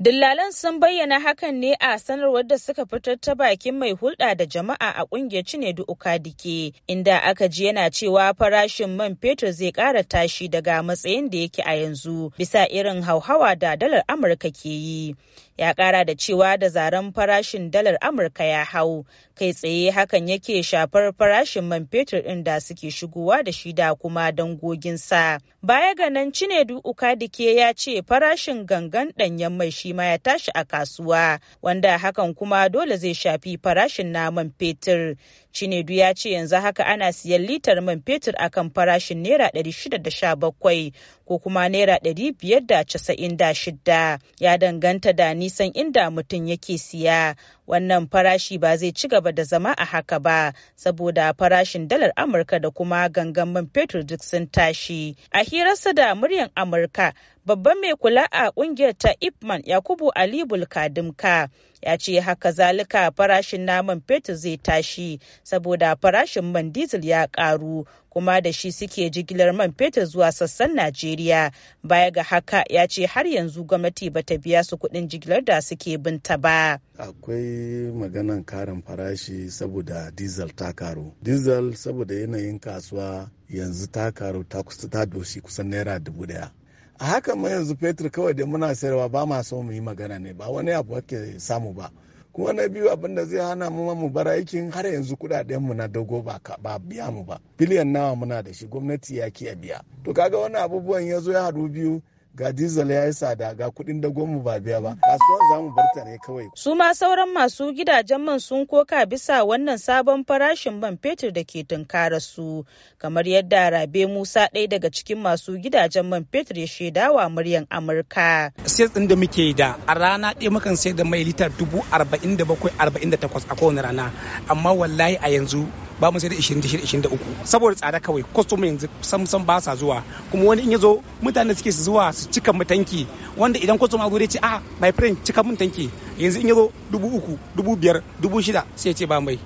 Dillalan sun bayyana hakan ne a sanarwar da suka fitar ta bakin mai hulɗa da jama'a a ƙungiyar Cinedu Ukadike, inda aka ji yana cewa farashin man fetur zai ƙara tashi daga matsayin da yake a yanzu bisa irin hauhawa da dalar Amurka ke yi. Ya ƙara da cewa da zaren farashin dalar Amurka ya hau, kai tsaye hakan yake shafar farashin man fetur ɗin da suke shigowa da shi da kuma dangoginsa. Baya ga nan Cinedu dike ya ce farashin gangan ɗanyen mai shi ma ya tashi a kasuwa wanda hakan kuma dole zai shafi farashin naman fetur. Cinedu ya ce yanzu haka ana siyan litar man fetur akan farashin naira 617 ko kuma naira ɗari biyar da casa'in da shida ya danganta da nisan inda mutum yake siya wannan farashi ba zai ci gaba da zama a haka ba saboda farashin dalar amurka da kuma gangan man fetur duk sun tashi a hirarsa da muryan amurka babban mai kula a kungiyar ta ipman yakubu ali bulkadimka ya ce haka zalika farashin naman fetur zai tashi saboda farashin man diesel ya karu kuma da shi suke jigilar man fetur zuwa sassan Najeriya. Baya ga haka ya ce har yanzu gwamnati ba ta biya su kudin jigilar da suke binta ba. Akwai maganan karin farashi saboda diesel ta karu. Diesel saboda yanayin kasuwa yanzu ta karu ta kusa ta doshi kusan naira dubu daya. a haka ma yanzu fetur kawai da muna sayarwa ba ma so mu yi magana ne ba wani abu ake samu ba kuma na biyu abin da zai hana mu mu bar aikin har yanzu kudaden mu na dogo ba ba biya mu ba biliyan nawa muna da shi gwamnati ya kiya biya to kaga wani abubuwan ya zo ya haɗu biyu ga dizal ya yi tsada ga kuɗin da gwamnu ba biya ba kasuwar za mu barta ne kawai. su ma sauran masu gidajen man sun koka bisa wannan sabon farashin man fetur da ke tunkara su kamar yadda rabe musa ɗaya daga cikin masu gidajen man fetur ya shaidawa muryan amurka. sai ɗin da muke da a rana ɗaya mukan sayar da mai litar dubu arba'in da bakwai arba'in da takwas a kowane rana amma wallahi a yanzu ba mu sai da 26 23 saboda tsada kawai kwastom yanzu samsan ba sa zuwa kuma wani in ya zo mutane suke su zuwa su cika mu tanki wanda idan kwastom a ce a ah, my friend cika mutanki tanki yanzu in ya zo dubu uku dubu biyar dubu shida sai ya ce ba mai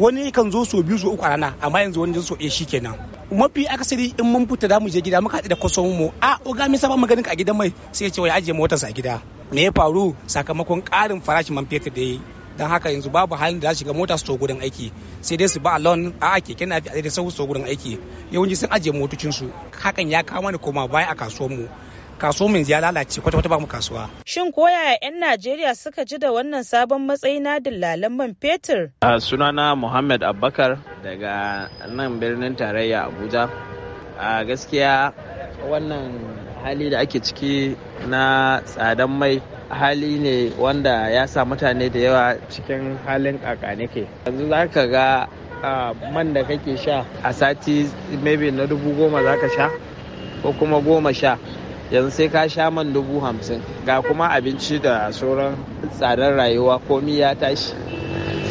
wani kan zo so biyu so uku a rana amma yanzu wani zo so ɗaya shi kenan mafi akasari in mun fita da mu je gida muka haɗu da kwasomin mu a ah, oga me saba maganin ka a gidan mai sai ya ce wai ajiye motarsa a gida me ya faru sakamakon ƙarin farashin man fetur da ya yi don haka yanzu babu halin da za su shiga mota su to gurin aiki sai dai su ba alon a keke na fi da sau su gurin aiki yawanci sun ajiye motocin su hakan ya kama mana koma baya a kasuwar mu kasuwar mu ya lalace kwata kwata ba mu kasuwa shin koya yaya yan Najeriya suka ji da wannan sabon matsayi na dillalan man fetur sunana Muhammad Abubakar daga nan birnin tarayya Abuja a gaskiya wannan hali da ake ciki na tsadan mai hali ne wanda ya sa mutane da yawa cikin halin ke. yanzu za ka ga man da kake sha a sati maybe na dubu goma za ka sha ko kuma goma sha yanzu sai ka sha man dubu hamsin ga kuma abinci da sauran tsadar rayuwa komi ya tashi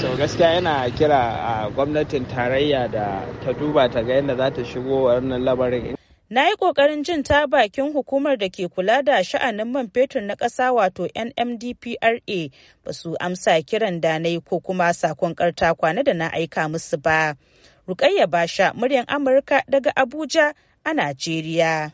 sau gaskiya yana kira a gwamnatin tarayya da ta duba ta ga yadda za ta shigo wannan labarin Na yi ƙoƙarin jin ta bakin hukumar da ke kula da sha'anin man fetur na ƙasa wato NMDPRA ba su amsa kiran da na ko kuma sakon karta kwana da na aika musu ba. Rukayya Basha, muryar Amurka daga Abuja a Najeriya.